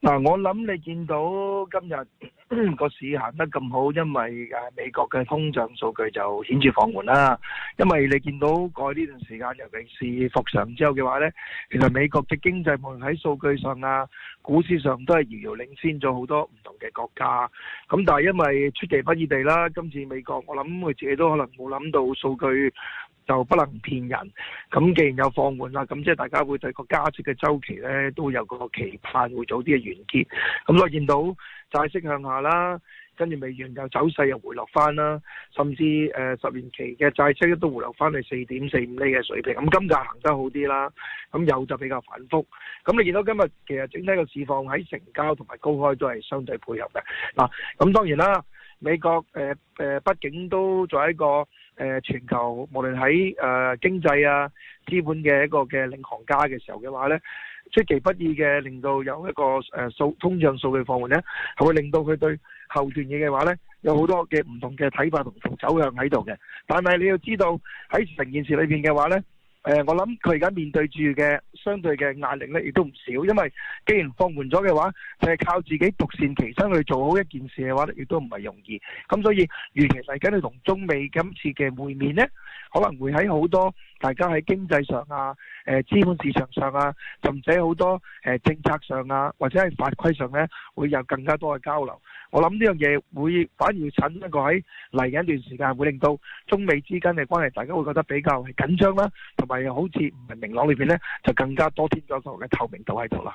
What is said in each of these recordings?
嗱，我諗你見到今日個市行得咁好，因為誒美國嘅通脹數據就顯著放緩啦。因為你見到過呢段時間，尤其是復常之後嘅話呢，其實美國嘅經濟喺數據上啊，股市上都係遙遙領先咗好多唔同嘅國家。咁但係因為出其不意地啦，今次美國我諗佢自己都可能冇諗到數據。就不能騙人。咁既然有放緩啦，咁即係大家會對個加息嘅周期咧，都會有個期盼，會早啲嘅完結。咁落見到債息向下啦，跟住美元又走勢又回落翻啦，甚至誒、呃、十年期嘅債息都回落翻去四點四五厘嘅水平。咁金價行得好啲啦，咁油就比較反覆。咁你見到今日其實整體個市況喺成交同埋高開都係相對配合嘅，嗱。咁當然啦。美國誒誒，畢竟都作為一個誒全球，無論喺誒經濟啊、資本嘅一個嘅領航家嘅時候嘅話咧，出其不意嘅令到有一個誒數通脹數據放緩咧，係會令到佢對後段嘢嘅話咧，有好多嘅唔同嘅睇法同同走向喺度嘅。但係你要知道喺成件事裏邊嘅話咧。誒、呃，我諗佢而家面對住嘅相對嘅壓力咧，亦都唔少。因為既然放緩咗嘅話，就係、是、靠自己獨善其身去做好一件事嘅話，亦都唔係容易。咁、嗯、所以，預期嚟緊你同中美今次嘅會面呢，可能會喺好多。大家喺經濟上啊、誒資本市場上啊，甚至好多政策上啊，或者係法規上咧，會有更加多嘅交流。我諗呢樣嘢會反而要趁一個喺嚟緊一段時間，會令到中美之間嘅關係大家會覺得比較係緊張啦，同埋好似唔係明朗裏面咧，就更加多添咗數嘅透明度喺度啦。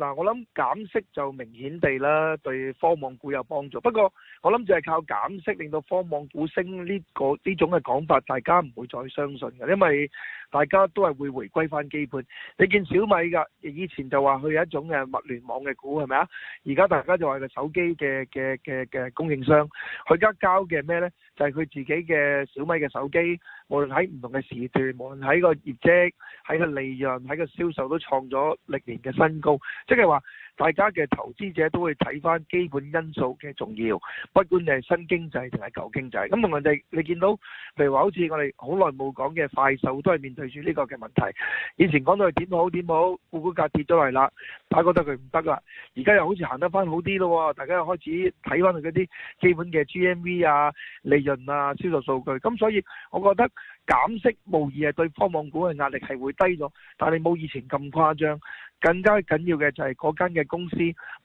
嗱，我諗減息就明顯地啦，對科網股有幫助。不過，我諗就係靠減息令到科網股升呢、呢個呢種嘅講法，大家唔會再相信嘅，因為大家都係會回歸翻基本。你見小米噶，以前就話佢有一種嘅物聯網嘅股，係咪啊？而家大家就話個手機嘅嘅嘅嘅供應商，佢而家交嘅咩呢？就係、是、佢自己嘅小米嘅手機。無論喺唔同嘅時段，無論喺個業績、喺個利潤、喺個銷售，都創咗歷年嘅新高，即係話。大家嘅投資者都會睇翻基本因素嘅重要，不管你係新經濟定係舊經濟。咁問題你見到，譬如話好似我哋好耐冇講嘅快手，都係面對住呢個嘅問題。以前講到佢點好點好，股價跌咗嚟啦，大家覺得佢唔得啦。而家又好似行得翻好啲咯，大家又開始睇翻佢嗰啲基本嘅 GMV 啊、利潤啊、銷售數據。咁所以我覺得。減息無疑係對科網股嘅壓力係會低咗，但係冇以前咁誇張。更加緊要嘅就係嗰間嘅公司，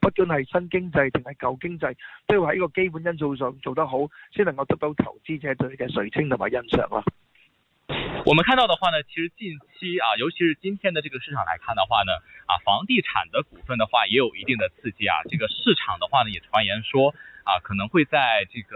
不管係新經濟定係舊經濟，都要喺個基本因素上做得好，先能夠得到投資者對你嘅垂青同埋欣賞啦。我們看到的話呢，其實近期啊，尤其是今天的這個市場來看的話呢，啊，房地產的股份的話也有一定的刺激啊。這個市場的話呢，也傳言說啊，可能會在這個。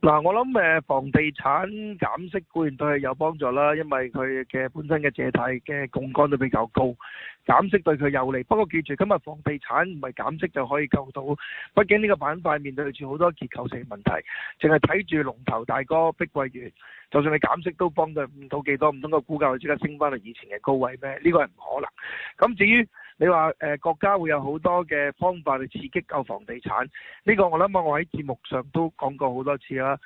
嗱、啊，我諗誒，房地產減息固然對佢有幫助啦，因為佢嘅本身嘅借貸嘅槓桿都比較高，減息對佢有利。不過記住，今日房地產唔係減息就可以救到，畢竟呢個板塊面對住好多結構性問題，淨係睇住龍頭大哥碧桂園，就算你減息都幫到唔到幾多，唔通個股價會即刻升翻去以前嘅高位咩？呢、這個係唔可能。咁至於你話誒國家會有好多嘅方法去刺激購房地產，呢個我諗我喺節目上都講過好多次啦。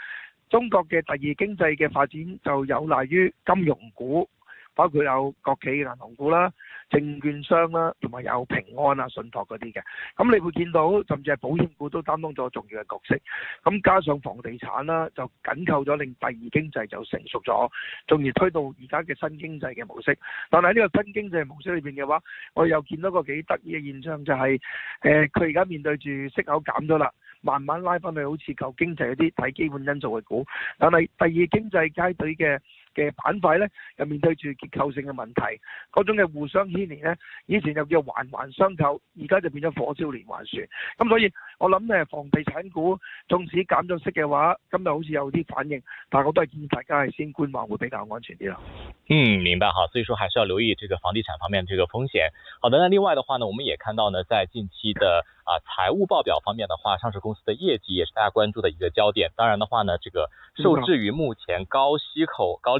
中國嘅第二經濟嘅發展就有賴於金融股。包括有國企銀行股啦、證券商啦，同埋有平安啊、信託嗰啲嘅。咁你會見到，甚至係保險股都擔當咗重要嘅角色。咁加上房地產啦，就緊扣咗令第二經濟就成熟咗，仲要推到而家嘅新經濟嘅模式。但係喺呢個新經濟嘅模式裏邊嘅話，我又見到個幾得意嘅現象就係，誒，佢而家面對住息口減咗啦，慢慢拉翻去好似舊經濟嗰啲睇基本因素嘅股。但係第二經濟階隊嘅。嘅板塊呢，又面對住結構性嘅問題，嗰種嘅互相牽連呢，以前又叫環環相扣，而家就變咗火燒連環船。咁所以，我諗呢，房地產股縱使減咗息嘅話，今日好似有啲反應，但係我都係建議大家係先觀望會比較安全啲咯。嗯，明白哈。所以說，還是要留意這個房地產方面嘅這個風險。好的，那另外的話呢，我們也看到呢，在近期的啊、呃、財務報表方面嘅話，上市公司的業績也是大家關注嘅一個焦點。當然的話呢，這個受制於目前高息口、嗯、高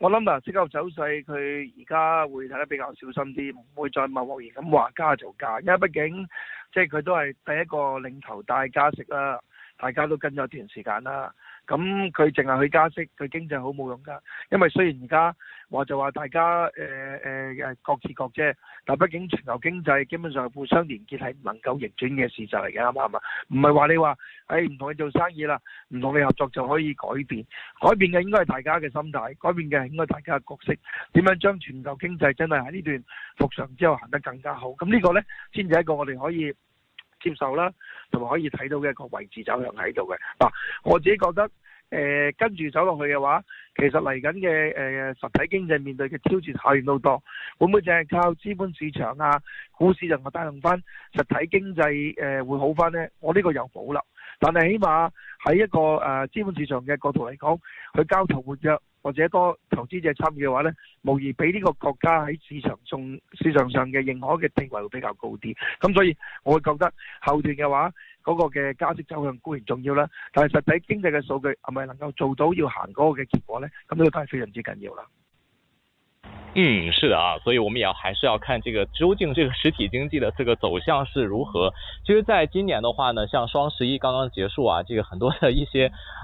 我諗啊，即刻走勢佢而家會睇得比較小心啲，唔會再貿貿然咁話加就加，因為畢竟即係佢都係第一個領頭帶加息啦、啊。大家都跟咗一段時間啦，咁佢淨係去加息，佢經濟好冇用噶。因為雖然而家話就話大家誒誒、呃呃、各自各啫，但畢竟全球經濟基本上係互相連結，係唔能夠逆轉嘅事實嚟嘅，啱唔啱？唔係話你話誒唔同你做生意啦，唔同你合作就可以改變，改變嘅應該係大家嘅心態，改變嘅應該係大家嘅角色，點樣將全球經濟真係喺呢段復常之後行得更加好？咁呢個呢，先至一個我哋可以。接受啦，同埋可以睇到嘅一個位置走向喺度嘅。嗱，我自己覺得，誒跟住走落去嘅話，其實嚟緊嘅誒實體經濟面對嘅挑戰係好多，會唔會淨係靠資本市場啊股市就我帶動翻實體經濟誒會好翻呢？我呢個又冇啦。但係起碼喺一個誒資本市場嘅角度嚟講，佢交投活躍。或者多投資者參與嘅話咧，無疑俾呢個國家喺市場中市場上嘅認可嘅定位會比較高啲。咁所以我會覺得後段嘅話嗰、那個嘅加息走向固然重要啦，但係實體經濟嘅數據係咪能夠做到要行嗰個嘅結果咧？咁、那、呢個都係非常之緊要啦。嗯，是的啊，所以我們也要還是要看這個究竟這個實體經濟的這個走向是如何。其實在今年的話呢，像雙十一剛剛結束啊，這個很多的一些。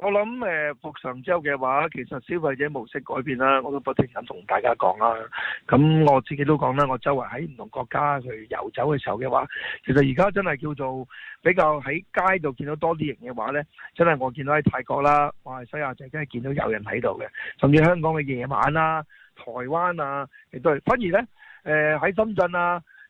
我諗誒，復、呃、常之後嘅話，其實消費者模式改變啦，我都不停咁同大家講啦。咁我自己都講啦，我周圍喺唔同國家去遊走嘅時候嘅話，其實而家真係叫做比較喺街度見到多啲人嘅話呢。真係我見到喺泰國啦、馬來西亞真係見到有人喺度嘅，甚至香港嘅夜晚啦、啊、台灣啊，亦都係反而呢，誒、呃、喺深圳啊。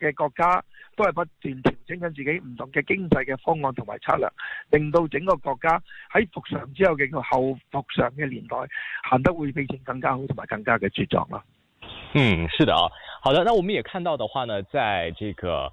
嘅國家都係不斷調整緊自己唔同嘅經濟嘅方案同埋策略，令到整個國家喺復常之後嘅後復常嘅年代行得會比前更，更加好，同埋更加嘅茁壯咯。嗯，是的啊，好的，那我們也看到的話呢，在這個。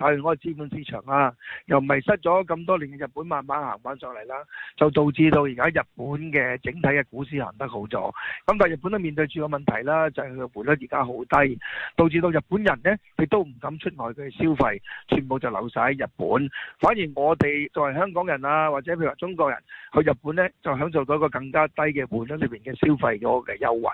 睇完嗰個資本市場啦，又迷失咗咁多年嘅日本，慢慢行翻上嚟啦，就導致到而家日本嘅整體嘅股市行得好咗。咁但係日本都面對住個問題啦，就係佢嘅匯率而家好低，導致到日本人呢，佢都唔敢出外去消費，全部就留曬喺日本。反而我哋作為香港人啊，或者譬如話中國人去日本呢，就享受到一個更加低嘅匯率裏邊嘅消費咗嘅優惠。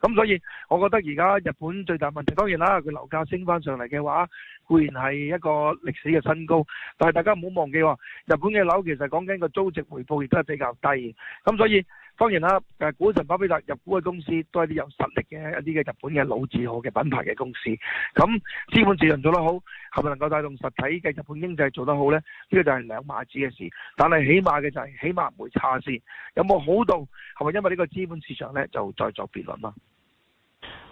咁所以，我覺得而家日本最大問題當然啦，佢樓價升翻上嚟嘅話，固然係一個歷史嘅新高，但係大家唔好忘記喎，日本嘅樓其實講緊個租值回報亦都係比較低，咁所以當然啦，誒股神巴菲特入股嘅公司都係啲有實力嘅一啲嘅日本嘅老字號嘅品牌嘅公司，咁資本市場做得好，係咪能夠帶動實體嘅日本經濟做得好呢？呢、呢個就係兩碼子嘅事，但係起碼嘅就係、係、起碼唔會差先，有冇好到係咪因為呢個資本市場呢，就再作別論啊。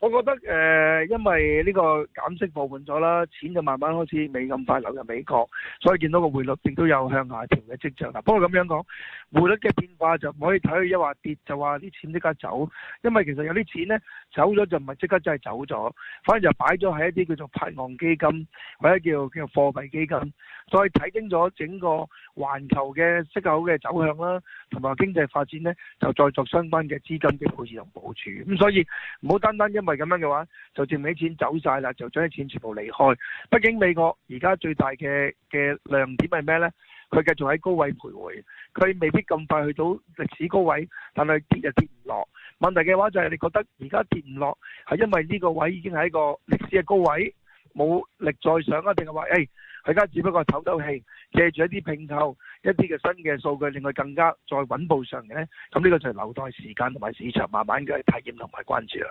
我覺得誒，因為呢個減息放緩咗啦，錢就慢慢開始未咁快流入美國，所以見到個匯率亦都有向下調嘅跡象。嗱，不過咁樣講，匯率嘅變化就唔可以睇佢，一話跌就話啲錢即刻走，因為其實有啲錢咧走咗就唔係即刻真係走咗，反而就擺咗喺一啲叫做拍岸基金或者叫叫貨幣基金，所以睇清咗整個環球嘅息口嘅走向啦，同埋經濟發展咧，就再作相關嘅資金嘅配置同部署。咁所以唔好單單因係咁樣嘅話，就佔起錢走晒啦，就將啲錢全部離開。畢竟美國而家最大嘅嘅亮點係咩呢？佢繼續喺高位徘徊，佢未必咁快去到歷史高位，但係跌就跌唔落。問題嘅話就係你覺得而家跌唔落，係因為呢個位已經係一個歷史嘅高位，冇力再上，一定係話誒，佢而家只不過唞唞氣，借住一啲併購一啲嘅新嘅數據，令佢更加再穩步上嘅呢？咁呢個就係留待時間同埋市場慢慢嘅體驗同埋關注啦。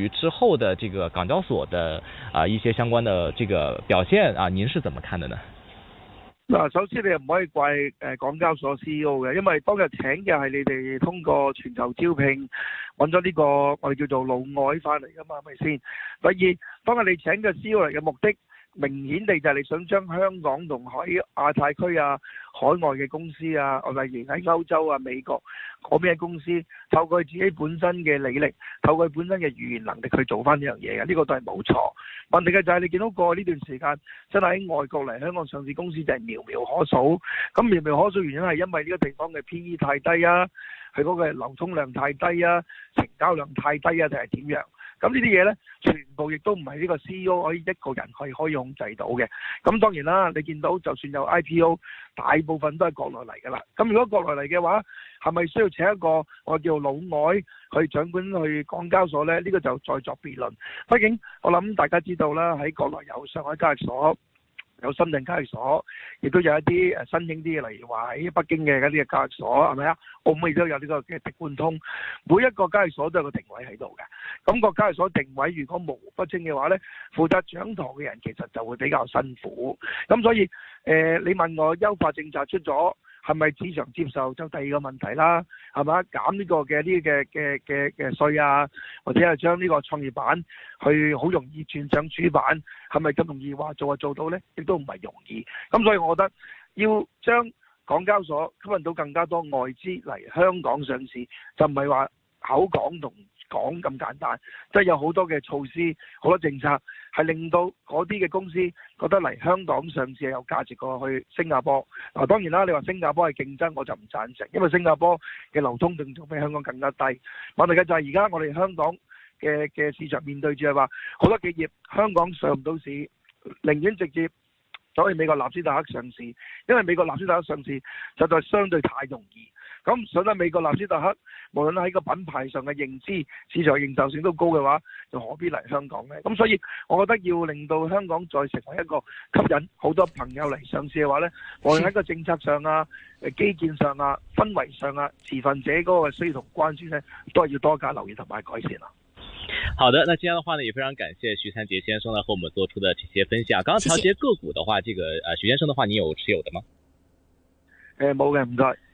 與之後的這個港交所的啊一些相關的這個表現啊，您是怎麼看的呢？嗱，首先你唔可以怪誒港交所 CEO 嘅，因為當日請嘅係你哋通過全球招聘搵咗呢個我哋叫做老外返嚟㗎嘛，係咪先？第二，當日你請嘅 CEO 嘅目的。明顯地就係你想將香港同海亞太區啊、海外嘅公司啊，例如喺歐洲啊、美國嗰邊嘅公司，透過自己本身嘅履歷，透過本身嘅語言能力去做翻呢樣嘢嘅，呢、呢個都係冇錯。問題嘅就係你見到過去呢段時間真係喺外國嚟香港上市公司就係寥寥可數，咁寥寥可數原因係因為呢個地方嘅 PE 太低啊，佢嗰個流通量太低啊，成交量太低啊，定係點樣？咁呢啲嘢呢，全部亦都唔係呢個 CEO 可以一個人去可以控制到嘅。咁當然啦，你見到就算有 IPO，大部分都係國內嚟㗎啦。咁如果國內嚟嘅話，係咪需要請一個我叫老外去掌管去港交所呢？呢、呢個就再作別論。畢竟我諗大家知道啦，喺國內有上海交易所。有深圳交易所，亦都有一啲誒新興啲嘅，例如話喺北京嘅嗰啲交易所，係咪啊？澳門亦都有呢個嘅的貫通，每一個交易所都有個定位喺度嘅。咁、那個交易所定位如果模糊不清嘅話咧，負責掌舵嘅人其實就會比較辛苦。咁所以誒、呃，你問我優化政策出咗。係咪市場接受？就第二個問題啦，係咪啊？減呢個嘅啲嘅嘅嘅嘅稅啊，或者係將呢個創業板去好容易轉上主板，係咪咁容易話做啊做到呢？亦都唔係容易。咁所以我覺得要將港交所吸引到更加多外資嚟香港上市，就唔係話口講同。講咁簡單，即係有好多嘅措施，好多政策係令到嗰啲嘅公司覺得嚟香港上市係有價值過去新加坡。嗱，當然啦，你話新加坡係競爭，我就唔贊成，因為新加坡嘅流通性仲比香港更加低。問題嘅就係而家我哋香港嘅嘅市場面對住係話，好多企業香港上唔到市，寧願直接走去美國納斯達克上市，因為美國納斯達克上市實在相對太容易。咁上得美國納斯達克，無論喺個品牌上嘅認知、市場認受性都高嘅話，就何必嚟香港呢？咁、嗯、所以，我覺得要令到香港再成為一個吸引好多朋友嚟上市嘅話呢，無論喺個政策上啊、基建上啊、氛圍上啊、持份者嗰個需求同關注呢，都係要多加留意同埋改善啦。好的，那今日嘅話呢，也非常感謝徐燦傑先生呢，和我們做出的這些分享啊。剛剛談及個股的話，這個徐先生的話，你有持有的嗎？誒冇嘅，唔該。謝謝。